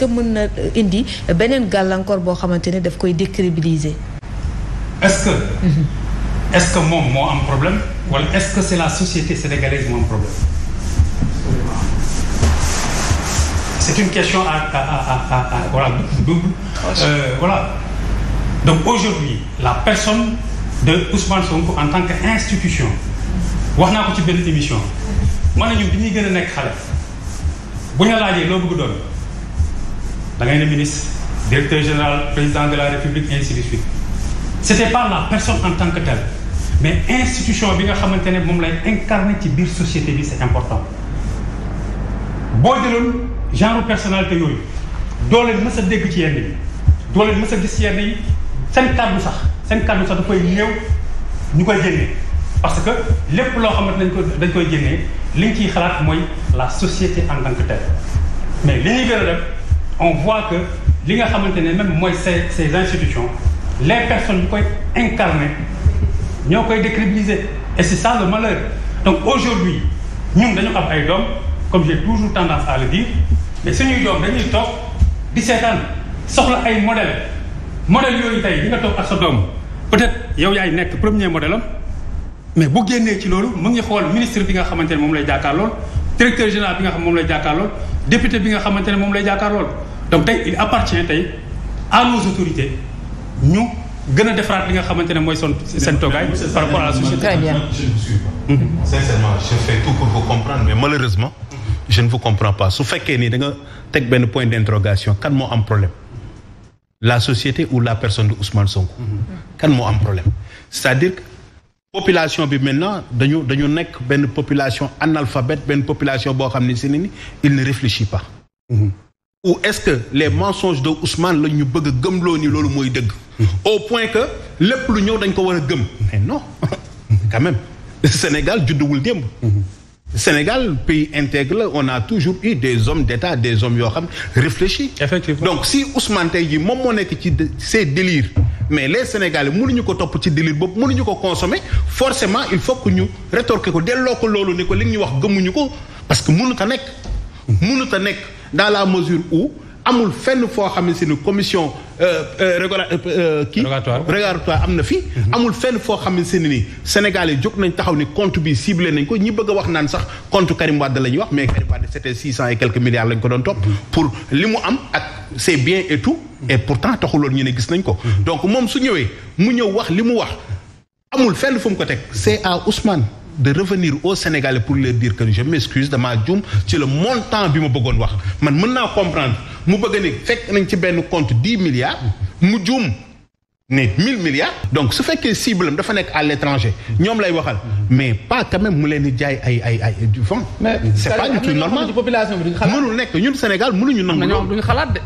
que mën na indi beneen gàllankoor boo xamante ne daf koy décrédibiliser. est-ce que. Mhm. est-ce que moom moo am problème wala est-ce que c'est la société sénégalaise moo am problème. c'est une question à à à à euh, voilà donc aujourd'hui la personne de Ousmane Sonko en tant que qu'institution. wax naa ko ci benn émission. ma ne bi ñuy gën a nekk xale. bu ñu la laajee loo bëgg doon. da ngay ne ministre directeur général président de la république ainsi de suite c'était pas la personne en tant que telle mais institution bi nga xamante ne moom lay incarner ci biir société bi c'est important boo jëloon genre personnalité yooyu doo leen mës a dégg ci yenn yi doo leen mës a gis yenn yi seen kàddu sax seen kàddu sax dafay néew ñu koy génnee parce que lépp loo xamante nañ ko dañ koy génnee liñ ciy xalaat mooy la société en tant que on voit que li nga xamante ne même mooy ces ces institutions les personne yu koy incarner ñoo koy décrédibiliser et c'est ça le malheur donc aujourd'hui ñun dañu am ay doom comme j'ai toujours tendance à le dire mais suñuy doom dañuy toog di seetaan soxla ay modèles modèles yooyu tey di nga toog ak sa doom peut-être yow yaay nekk premier modèle am mais bu génnee ci loolu mu ngi xool ministre bi nga xamante ne moom lay jàkkaar lool directeur général bi nga xam moom lay jàkkaar lool bi nga xamante ne moom lay jàkkaar donc tey il appartient tey à nos autorités ñu gën a defaraat li nga xamante ne mooy son seen toogaay par rapport à la société. très bien je mhm. mhm. teg benn point d'interrogation kan moo am problème la société ou la personne de Ousmane Sonko. Mhm. kan moo am problème c'est-à-dire que population bi maintenant dañu dañu nekk benn population analphabète benn population boo xam ne si ni il ne réfléchit pas. ou est-ce que les mensonges de Ousmane la ñu bëgg a gëmloo ni loolu mooy dëgg. au point que lépp lu ñëw dañ ko war a gëm. mais non quand même Sénégal judduwul démb. Sénégal pays intègre on a toujours eu des hommes d'État des hommes yoo xam réfléchis. effectivement donc si Ousmane tey jii moom moo nekk ci ces délires mais les Sénégalais mënuñu ko topp ci délire boobu mënuñu ko consommer forcément il faut que ñu rétorquer ko delloo ko loolu ni ko li ñu wax gëmuñu ko parce que mënut a nekk. mënut a nekk. dans la mesure où amul fenn foo xam ne ni commission euh, euh, régola euh, kii rogatoire am na fi mhm. amul fenn foo xam ne ni ni Sénégal yi jóg nañ taxaw ni compte bi ciblé nañ ko ñi bëgg a wax naan sax compte Karim Wade la ñuy wax mais Karim Wade c'était six cent et quelques milliards lañ ko doon topp mhm. pour li mu am ak c'est bien et tout et pourtant taxuloon ñu ne gis nañ ko mhm. donc moom su ñëwee mu ñëw wax li mu wax amul fenn fu mu ko teg c'est à Ousmane de revenir au Sénégalais pour leur dire que je m'excuse damaa juum ci le montant bi ma bëggoon wax man mën naa comprendre mu bëgg ni fekk nañ ci benn compte dix milliards mu juum ne mille milliards. donc su fekkee cible am dafa nekk à l'étranger ñoom lay waxal mais pas quand mu leen di jaay ay ay ay du vent. mais c'est pas du tout normal mënul nekk ñun Sénégal mënuñu nangu. ñoom duñu xalaat de.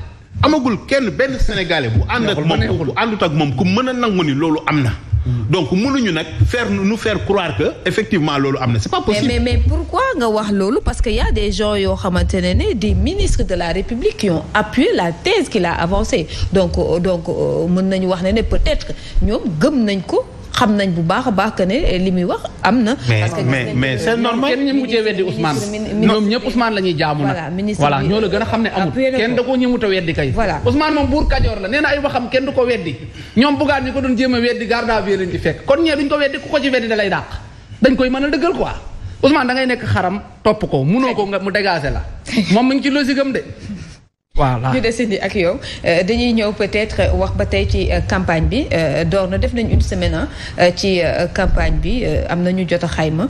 kenn benn Sénégalais bu ànd ak moom bu àndut ak moom mën a nangu ni loolu am na. Mm-hmm. donc mënuñu nag faire nous faire croire que effectivement loolu am na c'est pas possible. mais mais, mais pourquoi nga wax loolu parce que y des gens yoo xamante ne ne des ministres de la République qui ont appuyé la thèse qu'il a avancée donc euh, donc euh, mën nañu wax ne ne peut-être ñoom gëm nañ ko. xam nañ bu baax a baax que ne eh, li muy wax am na. parce que mais mais c'est normal kenn ñi mujjee weddi Ousmane. ñoom ñëpp Ousmane la ñuy jaamu nag. voilà ñoo la gën a xam ne amul kenn da koo ñëmut a weddi kay. Ousmane moom buur Kajoor la nee na ay waxam kenn du ko weddi ñoom bugaat ñi ko doon jéem a weddi garde à vue lañ ci fekk kon ñee duñ ko weddi ku ko ci weddi da lay dàq dañ koy mën a dëggal quoi Ousmane da ngay nekk xaram topp ko munoo ko nga mu dégagé la moom mu ngi ci logique am de voilà ñu desandi ak yow euh, dañuy ñëw peut-être wax ba tey ci euh, campagne bi euh, door na def nañ une semaine ci campagne bi am na ñu jot xayma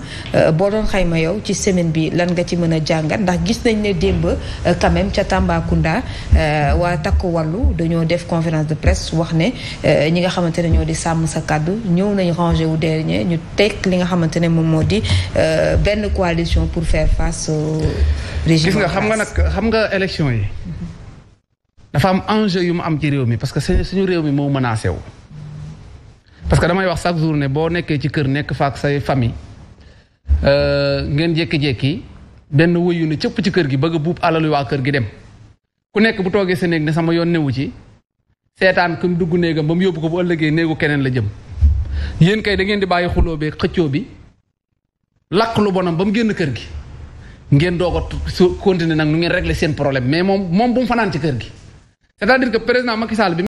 boo doon xayma yow ci semaine bi lan nga ci mën a jàngat ndax gis nañ ne démb quand ca Tambacounda waa takk wàllu dañoo def conférence de presse wax ne ñi nga xamante ne ñoo di sàmm sa kàddu ñëw nañu rangé wu dernier ñu tek li nga xamante ne moom moo di benn coalition pour fair face au régime gis nga xam nga nag xam nga élection yi. Mhm. dafa am enjeu yu mu am ci réew mi parce que suñu réew mi moo menacé wu. parce que damay wax chaque jour ne boo nekkee ci kër nekk faak say famille euh, ngeen jékki-jékki benn wëyu ne cëpp ci kër gi bëgg buub alalu waa kër gi dem ku nekk bu toogee sa néeg ne sama yoon newu ci seetaan ku mu dugg néegam ba mu yóbbu ko bu ëllëgee néegu keneen la jëm yéen kay da ngeen di bàyyi xuloo bee xëccoo bi lakk lu bonam ba mu génn kër gi ngeen doog a continuer nag nu ngeen régler seen problème mais moom moom bu fanaan ci kër gi. c'est-à-dire que président Macky Sall bi